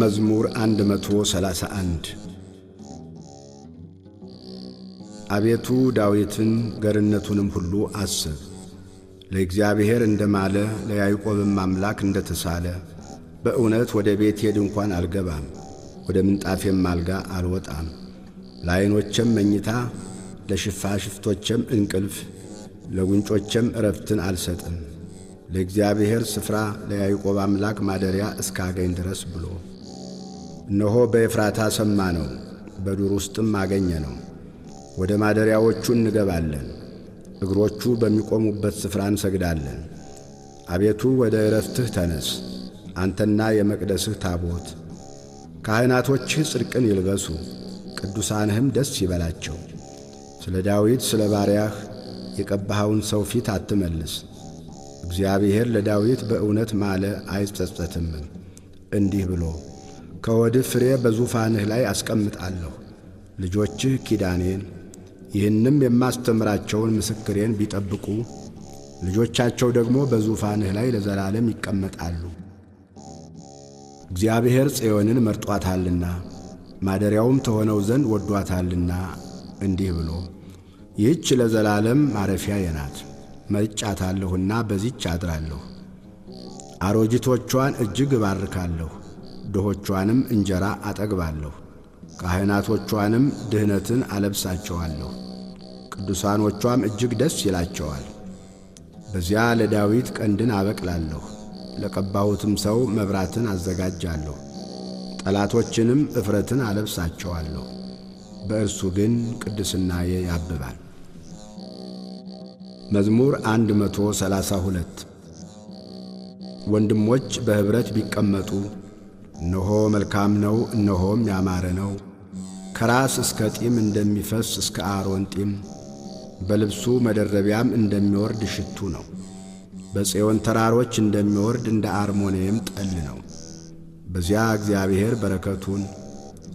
መዝሙር 131 አቤቱ ዳዊትን ገርነቱንም ሁሉ አስብ። ለእግዚአብሔር እንደ ማለ ለያዕቆብም አምላክ እንደ ተሳለ በእውነት ወደ ቤቴ ድንኳን አልገባም፣ ወደ ምንጣፌም አልጋ አልወጣም። ለዐይኖቼም መኝታ፣ ለሽፋሽፍቶቼም እንቅልፍ፣ ለጉንጮቼም እረፍትን አልሰጥም ለእግዚአብሔር ስፍራ ለያዕቆብ አምላክ ማደሪያ እስካገኝ ድረስ ብሎ እነሆ በኤፍራታ ሰማ ነው፣ በዱር ውስጥም አገኘ ነው። ወደ ማደሪያዎቹ እንገባለን፣ እግሮቹ በሚቆሙበት ስፍራ እንሰግዳለን። አቤቱ ወደ እረፍትህ ተነስ፣ አንተና የመቅደስህ ታቦት። ካህናቶችህ ጽድቅን ይልበሱ፣ ቅዱሳንህም ደስ ይበላቸው። ስለ ዳዊት ስለ ባሪያህ የቀባኸውን ሰው ፊት አትመልስ። እግዚአብሔር ለዳዊት በእውነት ማለ አይጸጸትም፣ እንዲህ ብሎ ከወድህ ፍሬ በዙፋንህ ላይ አስቀምጣለሁ። ልጆችህ ኪዳኔን ይህንም የማስተምራቸውን ምስክሬን ቢጠብቁ ልጆቻቸው ደግሞ በዙፋንህ ላይ ለዘላለም ይቀመጣሉ። እግዚአብሔር ጽዮንን መርጧታልና ማደሪያውም ተሆነው ዘንድ ወዷታልና እንዲህ ብሎ ይህች ለዘላለም ማረፊያዬ ናት መርጫታለሁና በዚች አድራለሁ። አሮጂቶቿን እጅግ እባርካለሁ። ድሆቿንም እንጀራ አጠግባለሁ፣ ካህናቶቿንም ድህነትን አለብሳቸዋለሁ። ቅዱሳኖቿም እጅግ ደስ ይላቸዋል። በዚያ ለዳዊት ቀንድን አበቅላለሁ፣ ለቀባሁትም ሰው መብራትን አዘጋጃለሁ። ጠላቶችንም እፍረትን አለብሳቸዋለሁ። በእርሱ ግን ቅድስናዬ ያብባል። መዝሙር 132 ወንድሞች በኅብረት ቢቀመጡ እነሆ መልካም ነው፣ እነሆም ያማረ ነው። ከራስ እስከ ጢም እንደሚፈስ እስከ አሮን ጢም በልብሱ መደረቢያም እንደሚወርድ ሽቱ ነው። በጽዮን ተራሮች እንደሚወርድ እንደ አርሞንየም ጠል ነው። በዚያ እግዚአብሔር በረከቱን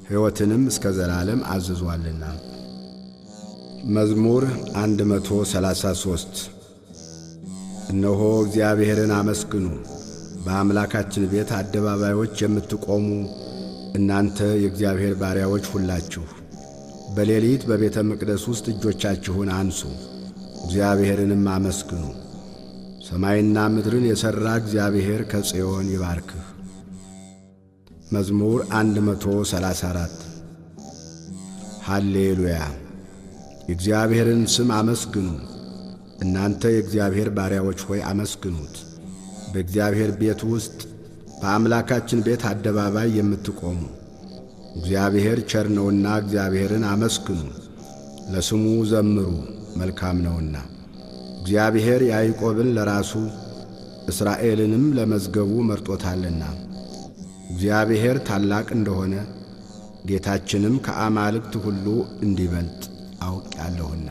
ሕይወትንም እስከ ዘላለም አዝዟልና። መዝሙር 133 እነሆ እግዚአብሔርን አመስግኑ በአምላካችን ቤት አደባባዮች የምትቆሙ እናንተ የእግዚአብሔር ባሪያዎች ሁላችሁ በሌሊት በቤተ መቅደስ ውስጥ እጆቻችሁን አንሱ፣ እግዚአብሔርንም አመስግኑ። ሰማይና ምድርን የሠራ እግዚአብሔር ከጽዮን ይባርክህ። መዝሙር 134 ሃሌሉያ። የእግዚአብሔርን ስም አመስግኑ። እናንተ የእግዚአብሔር ባሪያዎች ሆይ አመስግኑት። በእግዚአብሔር ቤት ውስጥ በአምላካችን ቤት አደባባይ የምትቆሙ እግዚአብሔር ቸር ነውና እግዚአብሔርን አመስግኑ፣ ለስሙ ዘምሩ፣ መልካም ነውና። እግዚአብሔር ያዕቆብን ለራሱ እስራኤልንም ለመዝገቡ መርጦታልና። እግዚአብሔር ታላቅ እንደሆነ ጌታችንም ከአማልክት ሁሉ እንዲበልጥ አውቄአለሁና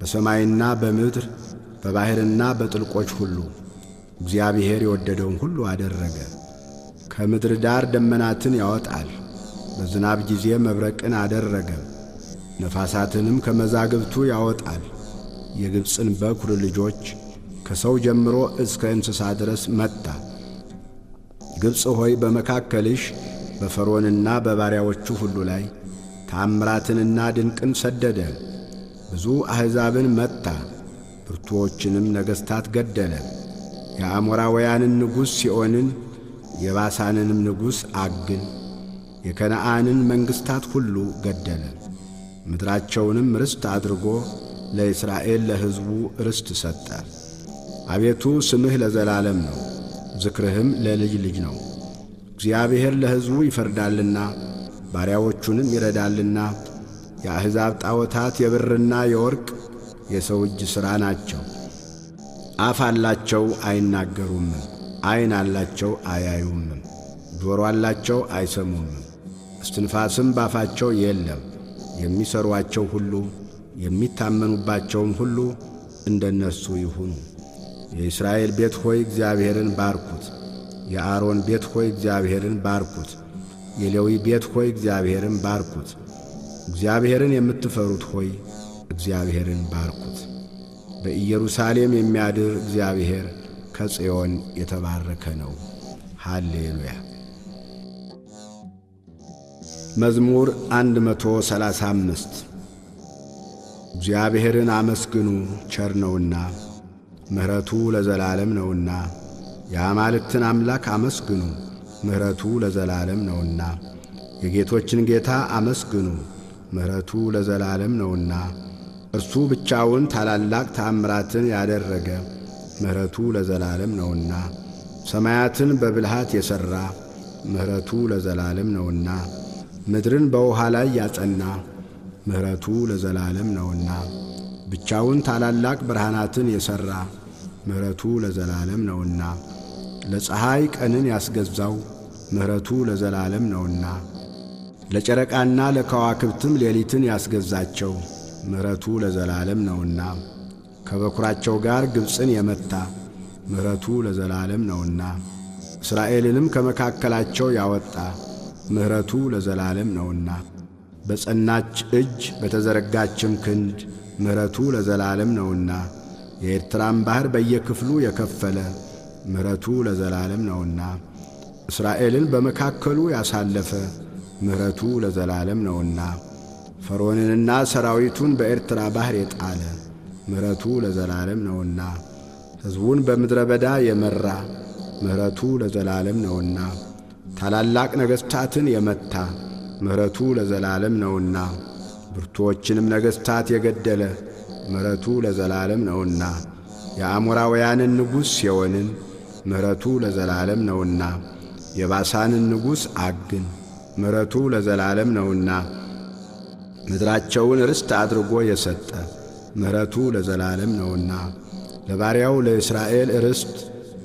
በሰማይና በምድር በባሕርና በጥልቆች ሁሉ እግዚአብሔር የወደደውን ሁሉ አደረገ። ከምድር ዳር ደመናትን ያወጣል፣ በዝናብ ጊዜ መብረቅን አደረገ፣ ነፋሳትንም ከመዛግብቱ ያወጣል። የግብፅን በኩር ልጆች ከሰው ጀምሮ እስከ እንስሳ ድረስ መታ። ግብፅ ሆይ በመካከልሽ በፈርዖንና በባሪያዎቹ ሁሉ ላይ ታምራትንና ድንቅን ሰደደ። ብዙ አሕዛብን መታ፣ ብርቱዎችንም ነገሥታት ገደለ። የአሞራውያንን ንጉሥ ሲኦንን የባሳንንም ንጉሥ አግን የከነአንን መንግሥታት ሁሉ ገደለ። ምድራቸውንም ርስት አድርጎ ለእስራኤል ለሕዝቡ ርስት ሰጠ። አቤቱ ስምህ ለዘላለም ነው፣ ዝክርህም ለልጅ ልጅ ነው። እግዚአብሔር ለሕዝቡ ይፈርዳልና ባሪያዎቹንም ይረዳልና። የአሕዛብ ጣዖታት የብርና የወርቅ የሰው እጅ ሥራ ናቸው። አፍ አላቸው አይናገሩም፣ ዐይን አላቸው አያዩም፣ ጆሮ አላቸው አይሰሙም፣ እስትንፋስም ባፋቸው የለም። የሚሠሩአቸው ሁሉ የሚታመኑባቸውም ሁሉ እንደነሱ ይሁኑ። የእስራኤል ቤት ሆይ እግዚአብሔርን ባርኩት። የአሮን ቤት ሆይ እግዚአብሔርን ባርኩት። የሌዊ ቤት ሆይ እግዚአብሔርን ባርኩት። እግዚአብሔርን የምትፈሩት ሆይ እግዚአብሔርን ባርኩት። በኢየሩሳሌም የሚያድር እግዚአብሔር ከጽዮን የተባረከ ነው። ሃሌሉያ። መዝሙር 135 እግዚአብሔርን አመስግኑ ቸር ነውና ምሕረቱ ለዘላለም ነውና። የአማልክትን አምላክ አመስግኑ ምሕረቱ ለዘላለም ነውና። የጌቶችን ጌታ አመስግኑ ምሕረቱ ለዘላለም ነውና። እርሱ ብቻውን ታላላቅ ተአምራትን ያደረገ ምሕረቱ ለዘላለም ነውና፣ ሰማያትን በብልሃት የሠራ ምሕረቱ ለዘላለም ነውና፣ ምድርን በውኃ ላይ ያጸና ምሕረቱ ለዘላለም ነውና፣ ብቻውን ታላላቅ ብርሃናትን የሠራ ምሕረቱ ለዘላለም ነውና፣ ለፀሐይ ቀንን ያስገዛው ምሕረቱ ለዘላለም ነውና፣ ለጨረቃና ለከዋክብትም ሌሊትን ያስገዛቸው ምሕረቱ ለዘላለም ነውና ከበኩራቸው ጋር ግብፅን የመታ ምሕረቱ ለዘላለም ነውና እስራኤልንም ከመካከላቸው ያወጣ ምሕረቱ ለዘላለም ነውና በጸናች እጅ በተዘረጋችም ክንድ ምሕረቱ ለዘላለም ነውና የኤርትራን ባሕር በየክፍሉ የከፈለ ምሕረቱ ለዘላለም ነውና እስራኤልን በመካከሉ ያሳለፈ ምሕረቱ ለዘላለም ነውና ፈርዖንንና ሰራዊቱን በኤርትራ ባሕር የጣለ ምሕረቱ ለዘላለም ነውና፣ ሕዝቡን በምድረ በዳ የመራ ምሕረቱ ለዘላለም ነውና፣ ታላላቅ ነገሥታትን የመታ ምሕረቱ ለዘላለም ነውና፣ ብርቱዎችንም ነገሥታት የገደለ ምሕረቱ ለዘላለም ነውና፣ የአሞራውያንን ንጉሥ ሴዎንን ምሕረቱ ለዘላለም ነውና፣ የባሳንን ንጉሥ አግን ምሕረቱ ለዘላለም ነውና ምድራቸውን ርስት አድርጎ የሰጠ ምሕረቱ ለዘላለም ነውና ለባሪያው ለእስራኤል ርስት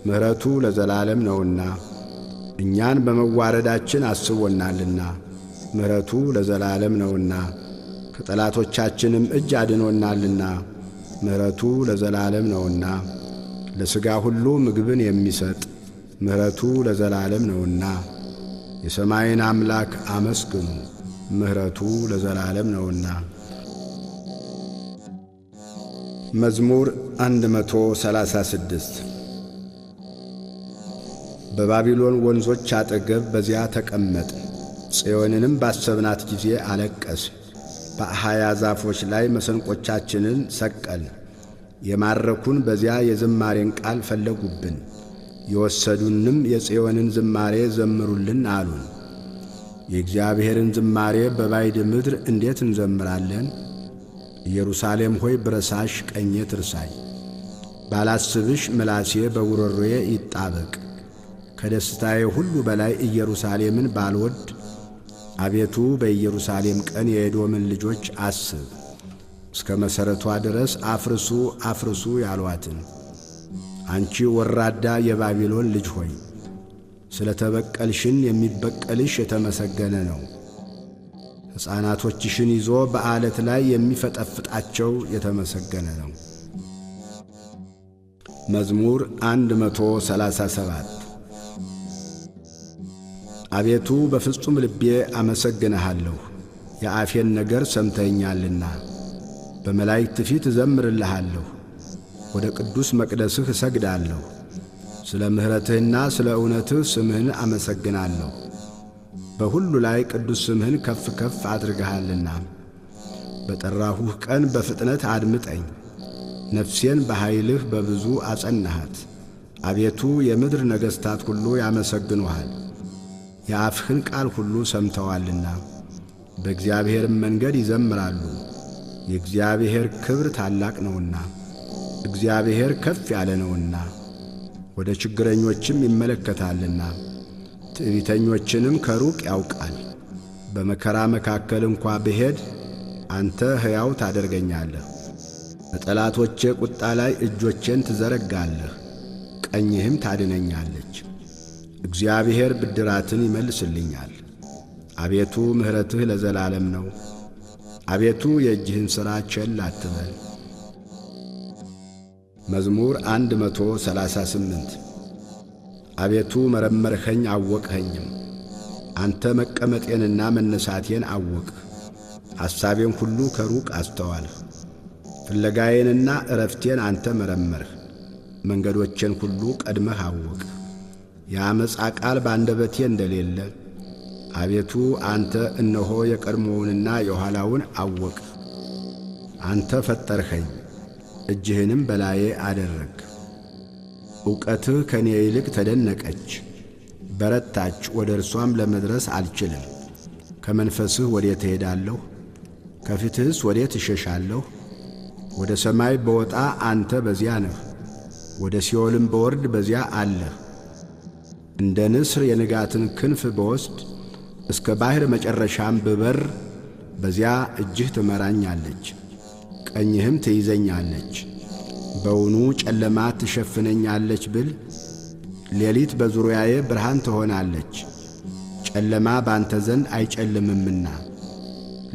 ምሕረቱ ለዘላለም ነውና እኛን በመዋረዳችን አስቦናልና ምሕረቱ ለዘላለም ነውና ከጠላቶቻችንም እጅ አድኖናልና ምሕረቱ ለዘላለም ነውና ለሥጋ ሁሉ ምግብን የሚሰጥ ምሕረቱ ለዘላለም ነውና የሰማይን አምላክ አመስግኑ። ምሕረቱ ለዘላለም ነውና። መዝሙር 136 በባቢሎን ወንዞች አጠገብ በዚያ ተቀመጥ። ጽዮንንም ባሰብናት ጊዜ አለቀስ። በአሃያ ዛፎች ላይ መሰንቆቻችንን ሰቀል። የማረኩን በዚያ የዝማሬን ቃል ፈለጉብን፣ የወሰዱንም የጽዮንን ዝማሬ ዘምሩልን አሉን። የእግዚአብሔርን ዝማሬ በባይድ ምድር እንዴት እንዘምራለን? ኢየሩሳሌም ሆይ ብረሳሽ ቀኜ ትርሳይ፣ ባላስብሽ ምላሴ በጉሮሮዬ ይጣበቅ። ከደስታዬ ሁሉ በላይ ኢየሩሳሌምን ባልወድ፣ አቤቱ በኢየሩሳሌም ቀን የኤዶምን ልጆች አስብ። እስከ መሠረቷ ድረስ አፍርሱ አፍርሱ ያሏትን አንቺ ወራዳ የባቢሎን ልጅ ሆይ ስለ ተበቀልሽን የሚበቀልሽ የተመሰገነ ነው። ሕፃናቶችሽን ይዞ በዓለት ላይ የሚፈጠፍጣቸው የተመሰገነ ነው። መዝሙር 137 አቤቱ በፍጹም ልቤ አመሰግንሃለሁ፣ የአፌን ነገር ሰምተኛልና በመላእክት ፊት እዘምርልሃለሁ፣ ወደ ቅዱስ መቅደስህ እሰግዳለሁ። ስለ ምሕረትህና ስለ እውነትህ ስምህን አመሰግናለሁ። በሁሉ ላይ ቅዱስ ስምህን ከፍ ከፍ አድርገሃልና በጠራሁህ ቀን በፍጥነት አድምጠኝ። ነፍሴን በኃይልህ በብዙ አጸናሃት። አቤቱ የምድር ነገሥታት ሁሉ ያመሰግኑሃል፣ የአፍህን ቃል ሁሉ ሰምተዋልና በእግዚአብሔርም መንገድ ይዘምራሉ። የእግዚአብሔር ክብር ታላቅ ነውና፣ እግዚአብሔር ከፍ ያለ ነውና ወደ ችግረኞችም ይመለከታልና ትዕቢተኞችንም ከሩቅ ያውቃል። በመከራ መካከል እንኳ ብሄድ አንተ ሕያው ታደርገኛለህ። በጠላቶቼ ቁጣ ላይ እጆቼን ትዘረጋለህ፣ ቀኝህም ታድነኛለች። እግዚአብሔር ብድራትን ይመልስልኛል። አቤቱ ምሕረትህ ለዘላለም ነው። አቤቱ የእጅህን ሥራ ቸል አትበል። መዝሙር 138 አቤቱ መረመርኸኝ አወቅኸኝም፣ አንተ መቀመጤንና መነሳቴን አወቅህ። ሐሳቤን ሁሉ ከሩቅ አስተዋልህ። ፍለጋዬንና እረፍቴን አንተ መረመርህ፣ መንገዶቼን ሁሉ ቀድመህ አወቅህ። የአመፃ ቃል በአንደበቴ እንደሌለ አቤቱ አንተ እነሆ የቀድሞውንና የኋላውን አወቅህ። አንተ ፈጠርኸኝ እጅህንም በላዬ አደረግ። ዕውቀትህ ከእኔ ይልቅ ተደነቀች፣ በረታች፣ ወደ እርሷም ለመድረስ አልችልም። ከመንፈስህ ወዴት እሄዳለሁ? ከፊትህስ ወዴት እሸሻለሁ? ወደ ሰማይ በወጣ አንተ በዚያ ነህ፣ ወደ ሲኦልም በወርድ በዚያ አለህ። እንደ ንስር የንጋትን ክንፍ በወስድ እስከ ባሕር መጨረሻም ብበር በዚያ እጅህ ትመራኛለች። ቀኝህም ትይዘኛለች። በውኑ ጨለማ ትሸፍነኛለች ብል ሌሊት በዙሪያዬ ብርሃን ትሆናለች። ጨለማ ባንተ ዘንድ አይጨልምምና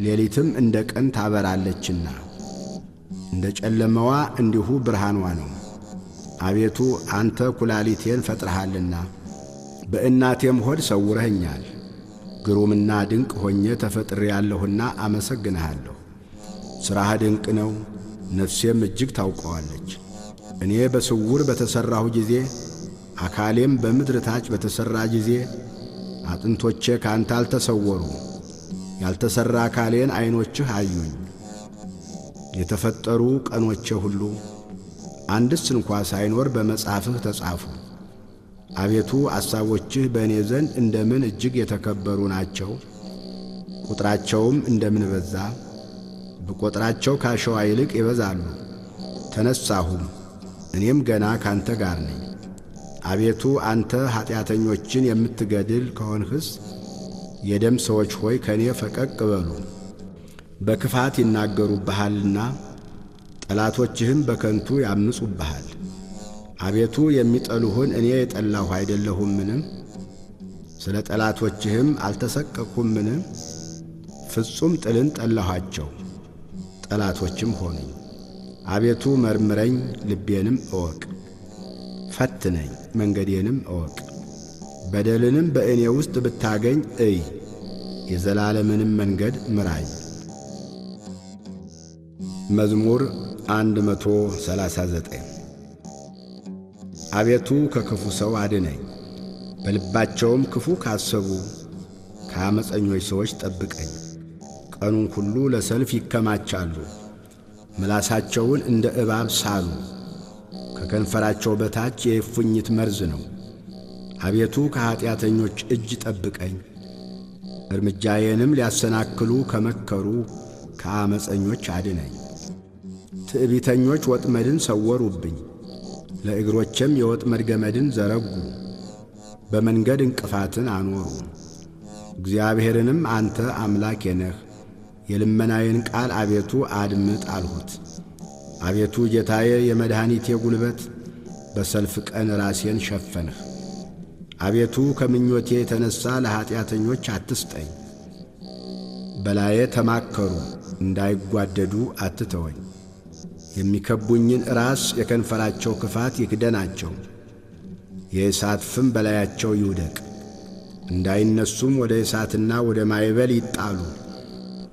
ሌሊትም እንደ ቀን ታበራለችና እንደ ጨለመዋ እንዲሁ ብርሃኗ ነው። አቤቱ አንተ ኩላሊቴን ፈጥረሃልና በእናቴም ሆድ ሰውረኸኛል። ግሩምና ድንቅ ሆኜ ያለሁና አመሰግንሃለሁ። ሥራህ ድንቅ ነው፣ ነፍሴም እጅግ ታውቀዋለች። እኔ በስውር በተሠራሁ ጊዜ አካሌም በምድር ታች በተሠራ ጊዜ አጥንቶቼ ከአንተ አልተሰወሩ። ያልተሠራ አካሌን ዐይኖችህ አዩኝ። የተፈጠሩ ቀኖቼ ሁሉ አንድስ እንኳ ሳይኖር በመጽሐፍህ ተጻፉ። አቤቱ አሳቦችህ በእኔ ዘንድ እንደምን እጅግ የተከበሩ ናቸው፣ ቁጥራቸውም እንደምን በዛ። ብቈጥራቸው ካሸዋ ይልቅ ይበዛሉ። ተነሳሁም፣ እኔም ገና ካንተ ጋር ነኝ። አቤቱ አንተ ኀጢአተኞችን የምትገድል ከሆንህስ የደም ሰዎች ሆይ ከእኔ ፈቀቅ በሉ። በክፋት ይናገሩብሃልና ጠላቶችህም በከንቱ ያምፁብሃል። አቤቱ የሚጠሉህን እኔ የጠላሁ አይደለሁምንም? ስለ ጠላቶችህም አልተሰቀቅሁምንም? ፍጹም ጥልን ጠላኋቸው። ጠላቶችም ሆኑኝ። አቤቱ መርምረኝ፣ ልቤንም እወቅ፣ ፈትነኝ፣ መንገዴንም እወቅ። በደልንም በእኔ ውስጥ ብታገኝ እይ፣ የዘላለምንም መንገድ ምራኝ። መዝሙር 139 አቤቱ ከክፉ ሰው አድነኝ፣ በልባቸውም ክፉ ካሰቡ ከአመፀኞች ሰዎች ጠብቀኝ። ቀኑን ሁሉ ለሰልፍ ይከማቻሉ። ምላሳቸውን እንደ እባብ ሳሉ፣ ከከንፈራቸው በታች የእፉኝት መርዝ ነው። አቤቱ ከኀጢአተኞች እጅ ጠብቀኝ። እርምጃዬንም ሊያሰናክሉ ከመከሩ ከአመፀኞች አድነኝ። ትዕቢተኞች ወጥመድን ሰወሩብኝ፣ ለእግሮቼም የወጥመድ ገመድን ዘረጉ፣ በመንገድ እንቅፋትን አኖሩ። እግዚአብሔርንም አንተ አምላኬ ነህ የልመናዬን ቃል አቤቱ አድምጥ አልሁት። አቤቱ ጌታዬ የመድኃኒቴ ጉልበት፣ በሰልፍ ቀን ራሴን ሸፈንህ። አቤቱ ከምኞቴ የተነሣ ለኀጢአተኞች አትስጠኝ። በላዬ ተማከሩ እንዳይጓደዱ አትተወኝ። የሚከቡኝን ራስ የከንፈራቸው ክፋት ይክደናቸው። የእሳት ፍም በላያቸው ይውደቅ፣ እንዳይነሱም ወደ እሳትና ወደ ማይበል ይጣሉ።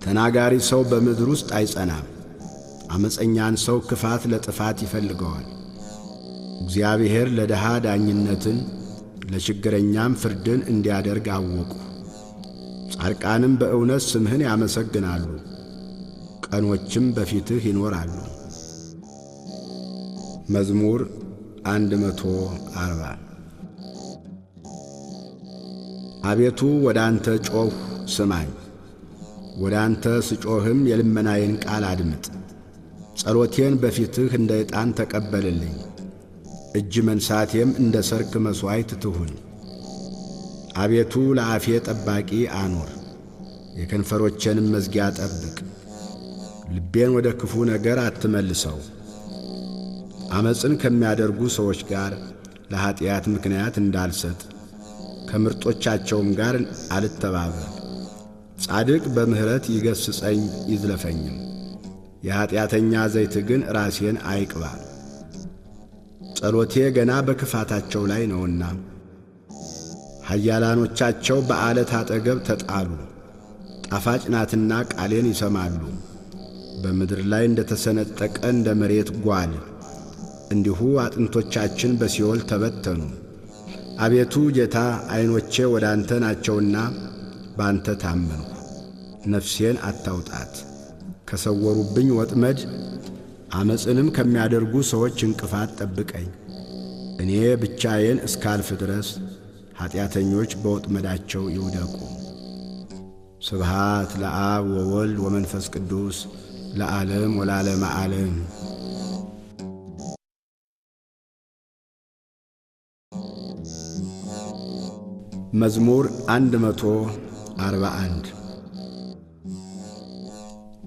ተናጋሪ ሰው በምድር ውስጥ አይጸናም። ዓመፀኛን ሰው ክፋት ለጥፋት ይፈልገዋል። እግዚአብሔር ለድሃ ዳኝነትን ለችግረኛም ፍርድን እንዲያደርግ አወቁ። ጻድቃንም በእውነት ስምህን ያመሰግናሉ፣ ቀኖችም በፊትህ ይኖራሉ። መዝሙር 140 አቤቱ ወደ አንተ ጮኽ ስማኝ ወደ አንተ ስጮህም የልመናዬን ቃል አድምጥ። ጸሎቴን በፊትህ እንደ ዕጣን ተቀበልልኝ፣ እጅ መንሳቴም እንደ ሰርክ መሥዋዕት ትሁን። አቤቱ ለአፌ ጠባቂ አኖር! የከንፈሮቼንም መዝጊያ ጠብቅ። ልቤን ወደ ክፉ ነገር አትመልሰው። ዓመፅን ከሚያደርጉ ሰዎች ጋር ለኀጢአት ምክንያት እንዳልሰጥ ከምርጦቻቸውም ጋር አልተባበር። ጻድቅ በምሕረት ይገሥጸኝ ይዝለፈኝም፣ የኀጢአተኛ ዘይት ግን ራሴን አይቅባ። ጸሎቴ ገና በክፋታቸው ላይ ነውና፣ ኃያላኖቻቸው በዓለት አጠገብ ተጣሉ። ጣፋጭ ናትና ቃሌን ይሰማሉ። በምድር ላይ እንደ ተሰነጠቀ እንደ መሬት ጓል እንዲሁ አጥንቶቻችን በሲኦል ተበተኑ። አቤቱ ጌታ ዐይኖቼ ወደ አንተ ናቸውና ባንተ ታመንኩ፣ ነፍሴን አታውጣት። ከሰወሩብኝ ወጥመድ፣ አመፅንም ከሚያደርጉ ሰዎች እንቅፋት ጠብቀኝ። እኔ ብቻዬን እስካልፍ ድረስ ኀጢአተኞች በወጥመዳቸው ይውደቁ። ስብሃት ለአብ ወወልድ ወመንፈስ ቅዱስ ለዓለም ወላለመ ዓለም። መዝሙር አንድ መቶ 41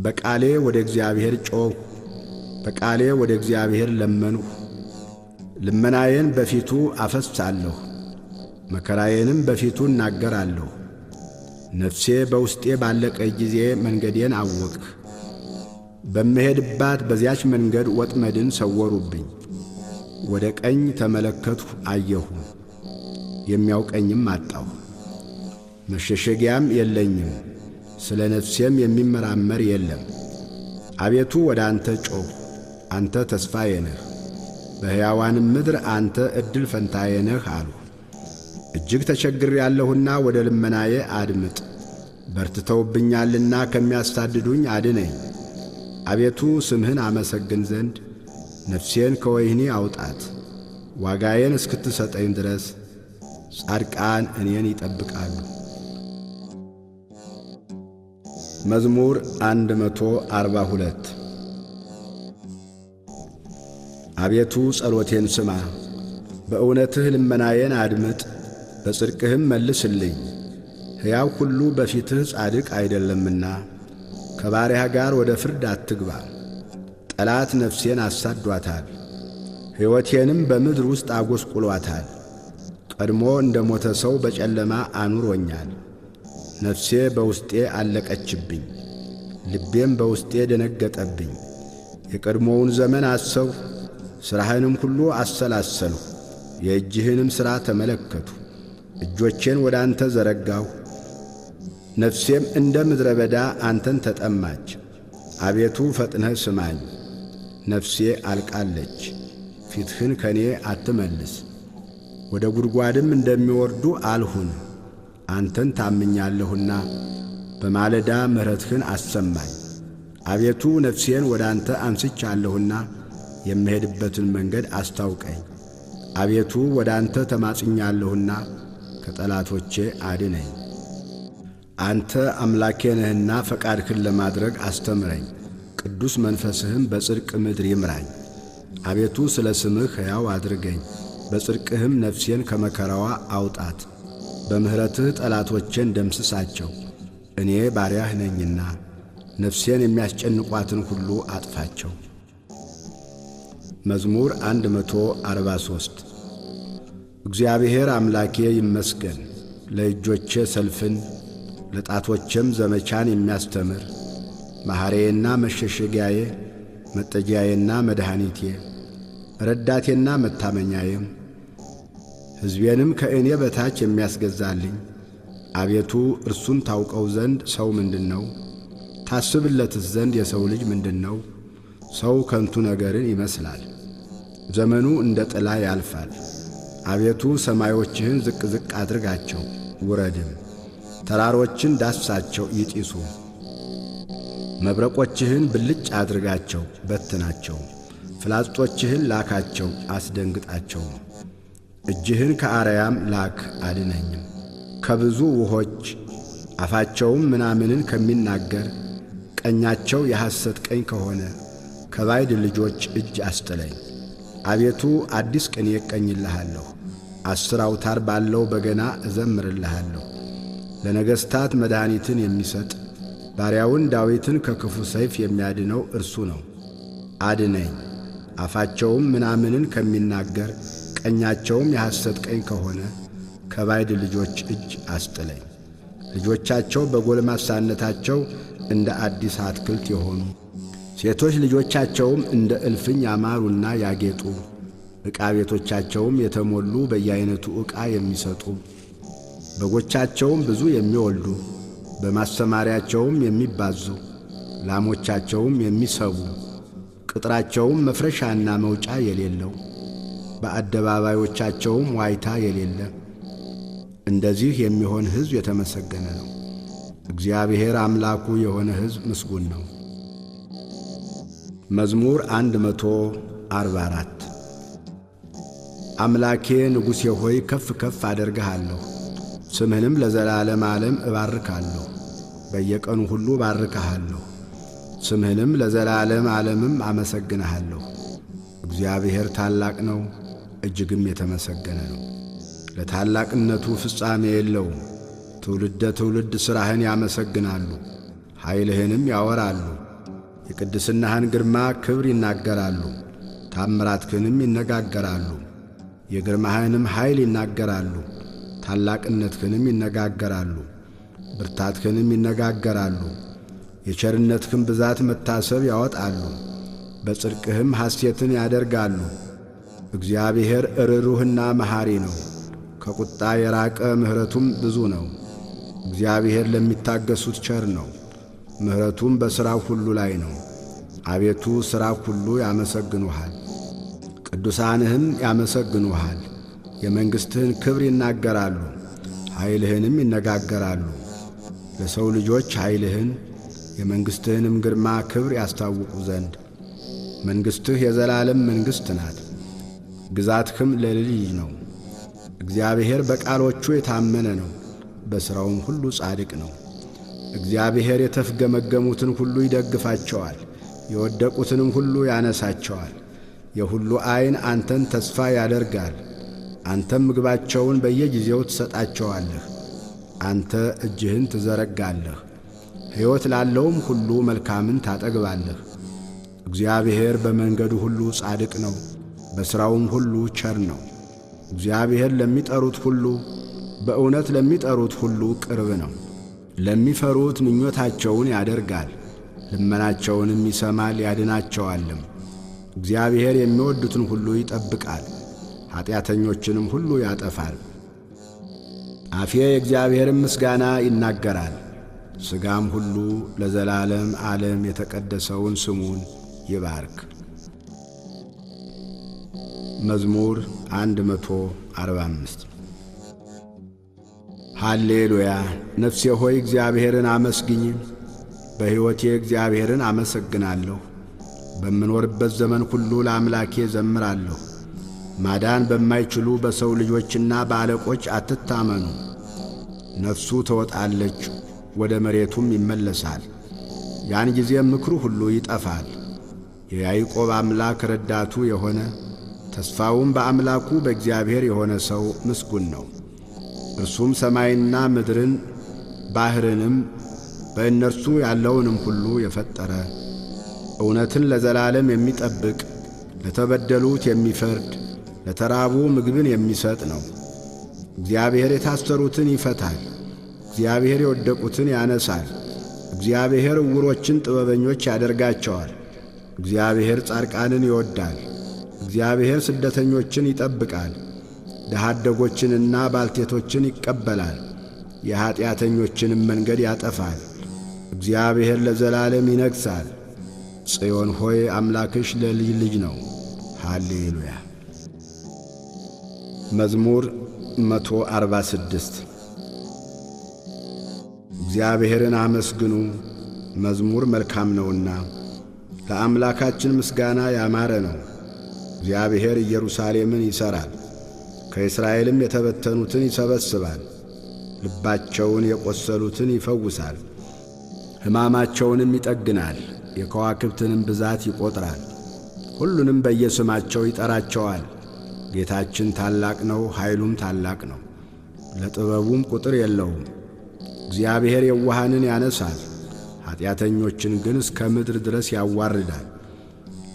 በቃሌ ወደ እግዚአብሔር ጮኽሁ፣ በቃሌ ወደ እግዚአብሔር ለመንሁ። ልመናዬን በፊቱ አፈስሳለሁ፣ መከራዬንም በፊቱ እናገራለሁ። ነፍሴ በውስጤ ባለቀ ጊዜ መንገዴን አወቅህ። በምሄድባት በዚያች መንገድ ወጥመድን ሰወሩብኝ። ወደ ቀኝ ተመለከትሁ አየሁ፣ የሚያውቀኝም አጣሁ። መሸሸጊያም የለኝም፣ ስለ ነፍሴም የሚመራመር የለም። አቤቱ ወደ አንተ ጮኽ፣ አንተ ተስፋዬ ነህ፣ በሕያዋንም ምድር አንተ ዕድል ፈንታዬ ነህ አሉ። እጅግ ተቸግር ያለሁና ወደ ልመናዬ አድምጥ፣ በርትተውብኛልና ከሚያሳድዱኝ አድነኝ። አቤቱ ስምህን አመሰግን ዘንድ ነፍሴን ከወህኒ አውጣት። ዋጋዬን እስክትሰጠኝ ድረስ ጻድቃን እኔን ይጠብቃሉ። መዝሙር 142 አቤቱ ጸሎቴን ስማ፣ በእውነትህ ልመናዬን አድምጥ፣ በጽድቅህም መልስልኝ። ሕያው ሁሉ በፊትህ ጻድቅ አይደለምና ከባሪያ ጋር ወደ ፍርድ አትግባ። ጠላት ነፍሴን አሳዷታል፣ ሕይወቴንም በምድር ውስጥ አጐስቁሏታል። ቀድሞ እንደ ሞተ ሰው በጨለማ አኑሮኛል። ነፍሴ በውስጤ አለቀችብኝ፣ ልቤም በውስጤ ደነገጠብኝ። የቀድሞውን ዘመን አሰብሁ፣ ሥራህንም ሁሉ አሰላሰልሁ፣ የእጅህንም ሥራ ተመለከቱ። እጆቼን ወደ አንተ ዘረጋሁ፣ ነፍሴም እንደ ምድረ በዳ አንተን ተጠማች። አቤቱ ፈጥነህ ስማኝ፣ ነፍሴ አልቃለች። ፊትህን ከኔ አትመልስ፣ ወደ ጒድጓድም እንደሚወርዱ አልሁን። አንተን ታምኛለሁና በማለዳ ምሕረትህን አሰማኝ። አቤቱ ነፍሴን ወደ አንተ አንስቻለሁና የምሄድበትን መንገድ አስታውቀኝ። አቤቱ ወደ አንተ ተማጽኛለሁና ከጠላቶቼ አድነኝ። አንተ አምላኬ ነህና ፈቃድህን ለማድረግ አስተምረኝ፣ ቅዱስ መንፈስህም በጽድቅ ምድር ይምራኝ። አቤቱ ስለ ስምህ ሕያው አድርገኝ፣ በጽድቅህም ነፍሴን ከመከራዋ አውጣት። በምሕረትህ ጠላቶቼን ደምስሳቸው፣ እኔ ባሪያህ ነኝና ነፍሴን የሚያስጨንቋትን ሁሉ አጥፋቸው። መዝሙር 143 እግዚአብሔር አምላኬ ይመስገን፣ ለእጆቼ ሰልፍን ለጣቶቼም ዘመቻን የሚያስተምር መሐሬዬና መሸሸጊያዬ መጠጊያዬና መድኃኒቴ ረዳቴና መታመኛዬም ሕዝቤንም ከእኔ በታች የሚያስገዛልኝ አቤቱ እርሱን ታውቀው ዘንድ ሰው ምንድን ነው? ታስብለትስ ዘንድ የሰው ልጅ ምንድን ነው? ሰው ከንቱ ነገርን ይመስላል፣ ዘመኑ እንደ ጥላ ያልፋል። አቤቱ ሰማዮችህን ዝቅ ዝቅ አድርጋቸው ውረድም፣ ተራሮችን ዳስሳቸው ይጢሱ። መብረቆችህን ብልጭ አድርጋቸው በትናቸው፣ ፍላጾችህን ላካቸው አስደንግጣቸውም። እጅህን ከአርያም ላክ አድነኝም። ከብዙ ውሆች አፋቸውም ምናምንን ከሚናገር ቀኛቸው የሐሰት ቀኝ ከሆነ ከባይድ ልጆች እጅ አስጥለኝ። አቤቱ አዲስ ቅኔ እቀኝልሃለሁ፣ አሥር አውታር ባለው በገና እዘምርልሃለሁ። ለነገሥታት መድኃኒትን የሚሰጥ ባሪያውን ዳዊትን ከክፉ ሰይፍ የሚያድነው እርሱ ነው። አድነኝ አፋቸውም ምናምንን ከሚናገር ቀኛቸውም የሐሰት ቀኝ ከሆነ ከባይድ ልጆች እጅ አስጥለኝ። ልጆቻቸው በጎልማሳነታቸው እንደ አዲስ አትክልት የሆኑ ሴቶች ልጆቻቸውም እንደ እልፍኝ ያማሩና ያጌጡ ዕቃ ቤቶቻቸውም የተሞሉ በየአይነቱ ዕቃ የሚሰጡ በጎቻቸውም ብዙ የሚወልዱ በማሰማሪያቸውም የሚባዙ ላሞቻቸውም የሚሰቡ ቅጥራቸውም መፍረሻና መውጫ የሌለው በአደባባዮቻቸውም ዋይታ የሌለ እንደዚህ የሚሆን ሕዝብ የተመሰገነ ነው። እግዚአብሔር አምላኩ የሆነ ሕዝብ ምስጉን ነው። መዝሙር 144 አምላኬ ንጉሴ ሆይ ከፍ ከፍ አደርግሃለሁ፣ ስምህንም ለዘላለም ዓለም እባርካለሁ። በየቀኑ ሁሉ ባርካሃለሁ፣ ስምህንም ለዘላለም ዓለምም አመሰግንሃለሁ። እግዚአብሔር ታላቅ ነው እጅግም የተመሰገነ ነው። ለታላቅነቱ ፍጻሜ የለውም። ትውልደ ትውልድ ሥራህን ያመሰግናሉ፣ ኃይልህንም ያወራሉ። የቅድስናህን ግርማ ክብር ይናገራሉ፣ ታምራትህንም ይነጋገራሉ። የግርማህንም ኃይል ይናገራሉ፣ ታላቅነትህንም ይነጋገራሉ፣ ብርታትህንም ይነጋገራሉ። የቸርነትህን ብዛት መታሰብ ያወጣሉ፣ በጽድቅህም ሐሴትን ያደርጋሉ። እግዚአብሔር ርሩህና መሐሪ ነው፣ ከቁጣ የራቀ ምሕረቱም ብዙ ነው። እግዚአብሔር ለሚታገሱት ቸር ነው፣ ምሕረቱም በሥራው ሁሉ ላይ ነው። አቤቱ ሥራ ሁሉ ያመሰግኑሃል፣ ቅዱሳንህም ያመሰግኑሃል። የመንግሥትህን ክብር ይናገራሉ፣ ኃይልህንም ይነጋገራሉ። ለሰው ልጆች ኃይልህን የመንግሥትህንም ግርማ ክብር ያስታውቁ ዘንድ መንግሥትህ የዘላለም መንግሥት ናት። ግዛትህም ለልጅ ነው። እግዚአብሔር በቃሎቹ የታመነ ነው፣ በሥራውም ሁሉ ጻድቅ ነው። እግዚአብሔር የተፍገመገሙትን ሁሉ ይደግፋቸዋል፣ የወደቁትንም ሁሉ ያነሳቸዋል። የሁሉ ዐይን አንተን ተስፋ ያደርጋል፣ አንተም ምግባቸውን በየጊዜው ትሰጣቸዋለህ። አንተ እጅህን ትዘረጋለህ፣ ሕይወት ላለውም ሁሉ መልካምን ታጠግባለህ። እግዚአብሔር በመንገዱ ሁሉ ጻድቅ ነው። በሥራውም ሁሉ ቸር ነው። እግዚአብሔር ለሚጠሩት ሁሉ በእውነት ለሚጠሩት ሁሉ ቅርብ ነው። ለሚፈሩት ምኞታቸውን ያደርጋል፣ ልመናቸውንም ይሰማል ያድናቸዋልም። እግዚአብሔር የሚወዱትን ሁሉ ይጠብቃል፣ ኀጢአተኞችንም ሁሉ ያጠፋል። አፌ የእግዚአብሔርን ምስጋና ይናገራል፣ ሥጋም ሁሉ ለዘላለም ዓለም የተቀደሰውን ስሙን ይባርክ። መዝሙር 145 ሃሌሉያ ነፍሴ ሆይ እግዚአብሔርን አመስግኝ። በሕይወቴ እግዚአብሔርን አመሰግናለሁ። በምኖርበት ዘመን ሁሉ ለአምላኬ ዘምራለሁ። ማዳን በማይችሉ በሰው ልጆችና በአለቆች አትታመኑ። ነፍሱ ትወጣለች፣ ወደ መሬቱም ይመለሳል። ያን ጊዜ ምክሩ ሁሉ ይጠፋል። የያዕቆብ አምላክ ረዳቱ የሆነ ተስፋውም በአምላኩ በእግዚአብሔር የሆነ ሰው ምስጉን ነው። እርሱም ሰማይና ምድርን ባሕርንም በእነርሱ ያለውንም ሁሉ የፈጠረ እውነትን ለዘላለም የሚጠብቅ ለተበደሉት የሚፈርድ ለተራቡ ምግብን የሚሰጥ ነው። እግዚአብሔር የታሰሩትን ይፈታል። እግዚአብሔር የወደቁትን ያነሳል። እግዚአብሔር ዕውሮችን ጥበበኞች ያደርጋቸዋል። እግዚአብሔር ጻድቃንን ይወዳል። እግዚአብሔር ስደተኞችን ይጠብቃል፣ ድሀ አደጎችንና ባልቴቶችን ይቀበላል፣ የኀጢአተኞችንም መንገድ ያጠፋል። እግዚአብሔር ለዘላለም ይነግሣል። ጽዮን ሆይ አምላክሽ ለልጅ ልጅ ነው። ሃሌሉያ። መዝሙር 146 እግዚአብሔርን አመስግኑ መዝሙር መልካም ነውና፣ ለአምላካችን ምስጋና ያማረ ነው። እግዚአብሔር ኢየሩሳሌምን ይሠራል፣ ከእስራኤልም የተበተኑትን ይሰበስባል። ልባቸውን የቈሰሉትን ይፈውሳል፣ ሕማማቸውንም ይጠግናል። የከዋክብትንም ብዛት ይቈጥራል፣ ሁሉንም በየስማቸው ይጠራቸዋል። ጌታችን ታላቅ ነው፣ ኃይሉም ታላቅ ነው፣ ለጥበቡም ቁጥር የለውም። እግዚአብሔር የዋሃንን ያነሳል፣ ኀጢአተኞችን ግን እስከ ምድር ድረስ ያዋርዳል።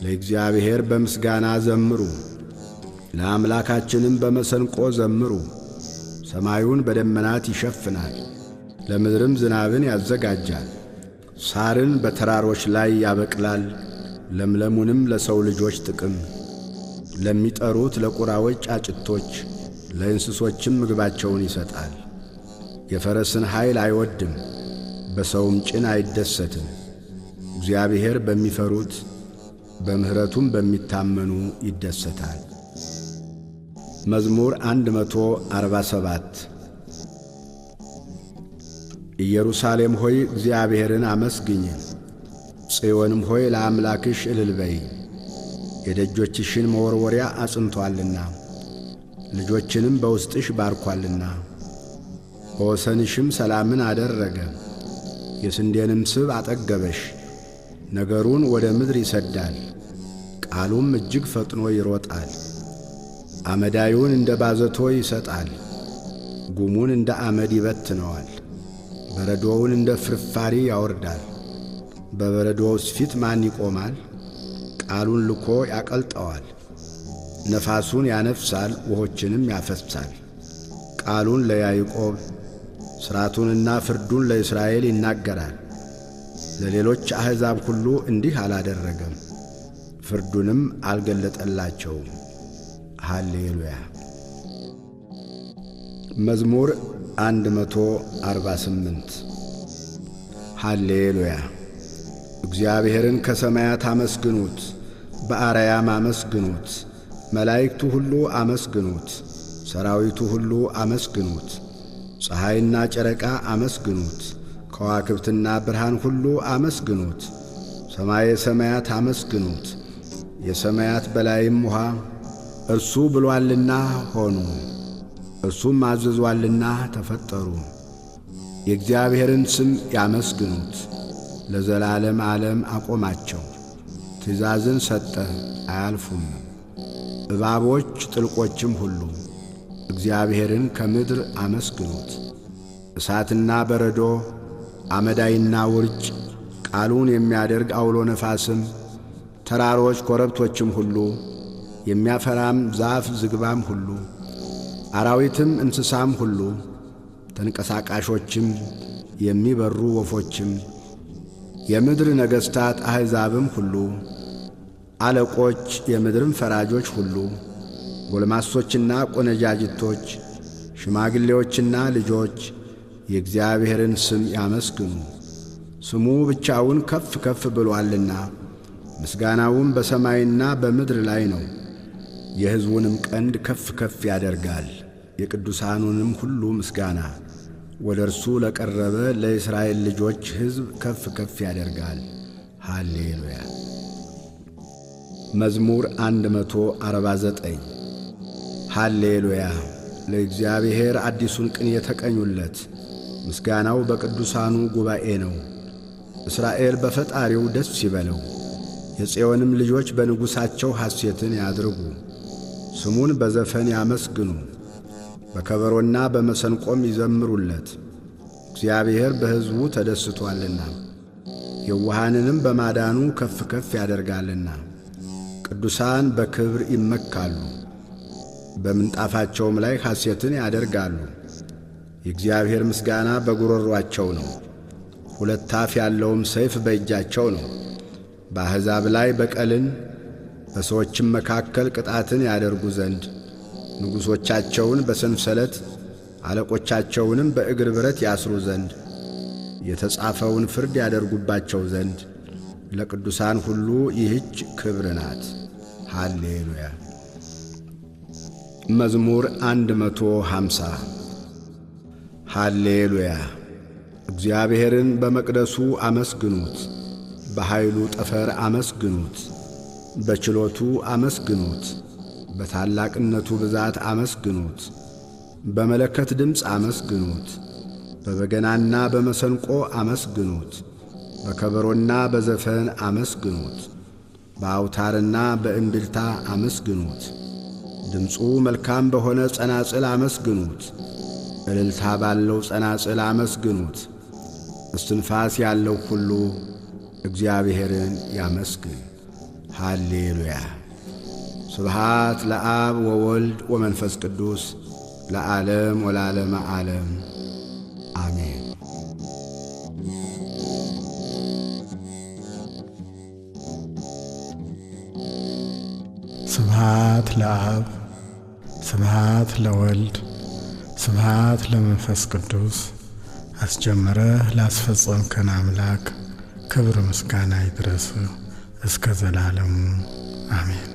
ለእግዚአብሔር በምስጋና ዘምሩ፣ ለአምላካችንም በመሰንቆ ዘምሩ። ሰማዩን በደመናት ይሸፍናል፣ ለምድርም ዝናብን ያዘጋጃል፣ ሳርን በተራሮች ላይ ያበቅላል፣ ለምለሙንም ለሰው ልጆች ጥቅም፣ ለሚጠሩት ለቁራዎች ጫጭቶች፣ ለእንስሶችም ምግባቸውን ይሰጣል። የፈረስን ኃይል አይወድም፣ በሰውም ጭን አይደሰትም። እግዚአብሔር በሚፈሩት በምሕረቱም በሚታመኑ ይደሰታል። መዝሙር 147 ኢየሩሳሌም ሆይ እግዚአብሔርን አመስግኝ፣ ጽዮንም ሆይ ለአምላክሽ እልልበይ። የደጆችሽን መወርወሪያ አጽንቶአልና ልጆችንም በውስጥሽ ባርኳልና በወሰንሽም ሰላምን አደረገ፣ የስንዴንም ስብ አጠገበሽ። ነገሩን ወደ ምድር ይሰዳል፣ ቃሉም እጅግ ፈጥኖ ይሮጣል። አመዳዩን እንደ ባዘቶ ይሰጣል፣ ጉሙን እንደ አመድ ይበትነዋል። በረዶውን እንደ ፍርፋሪ ያወርዳል። በበረዶውስ ፊት ማን ይቆማል? ቃሉን ልኮ ያቀልጠዋል። ነፋሱን ያነፍሳል፣ ውሆችንም ያፈሳል። ቃሉን ለያዕቆብ ሥርዓቱንና ፍርዱን ለእስራኤል ይናገራል። ለሌሎች አሕዛብ ሁሉ እንዲህ አላደረገም፣ ፍርዱንም አልገለጠላቸውም። ሃሌሉያ። መዝሙር 148 ሃሌሉያ። እግዚአብሔርን ከሰማያት አመስግኑት፣ በአርያም አመስግኑት፣ መላእክቱ ሁሉ አመስግኑት፣ ሰራዊቱ ሁሉ አመስግኑት፣ ፀሐይና ጨረቃ አመስግኑት ከዋክብትና ብርሃን ሁሉ አመስግኑት። ሰማየ ሰማያት አመስግኑት። የሰማያት በላይም ውኃ እርሱ ብሏልና ሆኑ፣ እርሱም አዘዟልና ተፈጠሩ። የእግዚአብሔርን ስም ያመስግኑት። ለዘላለም ዓለም አቆማቸው። ትእዛዝን ሰጠ አያልፉም። እባቦች ጥልቆችም ሁሉ እግዚአብሔርን ከምድር አመስግኑት። እሳትና በረዶ አመዳይና ውርጭ ቃሉን የሚያደርግ አውሎ ነፋስም ተራሮች ኮረብቶችም ሁሉ የሚያፈራም ዛፍ ዝግባም ሁሉ አራዊትም እንስሳም ሁሉ ተንቀሳቃሾችም የሚበሩ ወፎችም የምድር ነገሥታት አሕዛብም ሁሉ አለቆች የምድርም ፈራጆች ሁሉ ጎልማሶችና ቆነጃጅቶች ሽማግሌዎችና ልጆች የእግዚአብሔርን ስም ያመስግኑ፣ ስሙ ብቻውን ከፍ ከፍ ብሎአልና፣ ምስጋናውም በሰማይና በምድር ላይ ነው። የሕዝቡንም ቀንድ ከፍ ከፍ ያደርጋል፣ የቅዱሳኑንም ሁሉ ምስጋና ወደ እርሱ ለቀረበ ለእስራኤል ልጆች ሕዝብ ከፍ ከፍ ያደርጋል። ሃሌሉያ። መዝሙር 149 ሃሌሉያ። ለእግዚአብሔር አዲሱን ቅኔ ተቀኙለት ምስጋናው በቅዱሳኑ ጉባኤ ነው። እስራኤል በፈጣሪው ደስ ይበለው፣ የጽዮንም ልጆች በንጉሣቸው ሐሴትን ያድርጉ። ስሙን በዘፈን ያመስግኑ፣ በከበሮና በመሰንቆም ይዘምሩለት። እግዚአብሔር በሕዝቡ ተደስቶአልና የዋሃንንም በማዳኑ ከፍ ከፍ ያደርጋልና። ቅዱሳን በክብር ይመካሉ፣ በምንጣፋቸውም ላይ ሐሴትን ያደርጋሉ። የእግዚአብሔር ምስጋና በጉሮሯቸው ነው። ሁለት አፍ ያለውም ሰይፍ በእጃቸው ነው። በአሕዛብ ላይ በቀልን በሰዎችም መካከል ቅጣትን ያደርጉ ዘንድ ንጉሶቻቸውን በሰንሰለት አለቆቻቸውንም በእግር ብረት ያስሩ ዘንድ የተጻፈውን ፍርድ ያደርጉባቸው ዘንድ ለቅዱሳን ሁሉ ይህች ክብር ናት። ሃሌሉያ። መዝሙር አንድ መቶ ሃምሳ ሃሌሉያ! እግዚአብሔርን በመቅደሱ አመስግኑት፣ በኃይሉ ጠፈር አመስግኑት፣ በችሎቱ አመስግኑት፣ በታላቅነቱ ብዛት አመስግኑት፣ በመለከት ድምፅ አመስግኑት፣ በበገናና በመሰንቆ አመስግኑት፣ በከበሮና በዘፈን አመስግኑት፣ በአውታርና በእምቢልታ አመስግኑት፣ ድምፁ መልካም በሆነ ጸናጽል አመስግኑት። እልልታ ባለው ጸናጽል አመስግኑት። እስትንፋስ ያለው ሁሉ እግዚአብሔርን ያመስግን። ሃሌሉያ። ስብሃት ለአብ ወወልድ ወመንፈስ ቅዱስ ለዓለም ወላለመ ዓለም አሜን። ስብሃት ለአብ ስብሃት ለወልድ ስብሐት ለመንፈስ ቅዱስ አስጀምረህ ላስፈጸምከን አምላክ ክብር ምስጋና ይድረስ እስከ ዘላለሙ አሜን።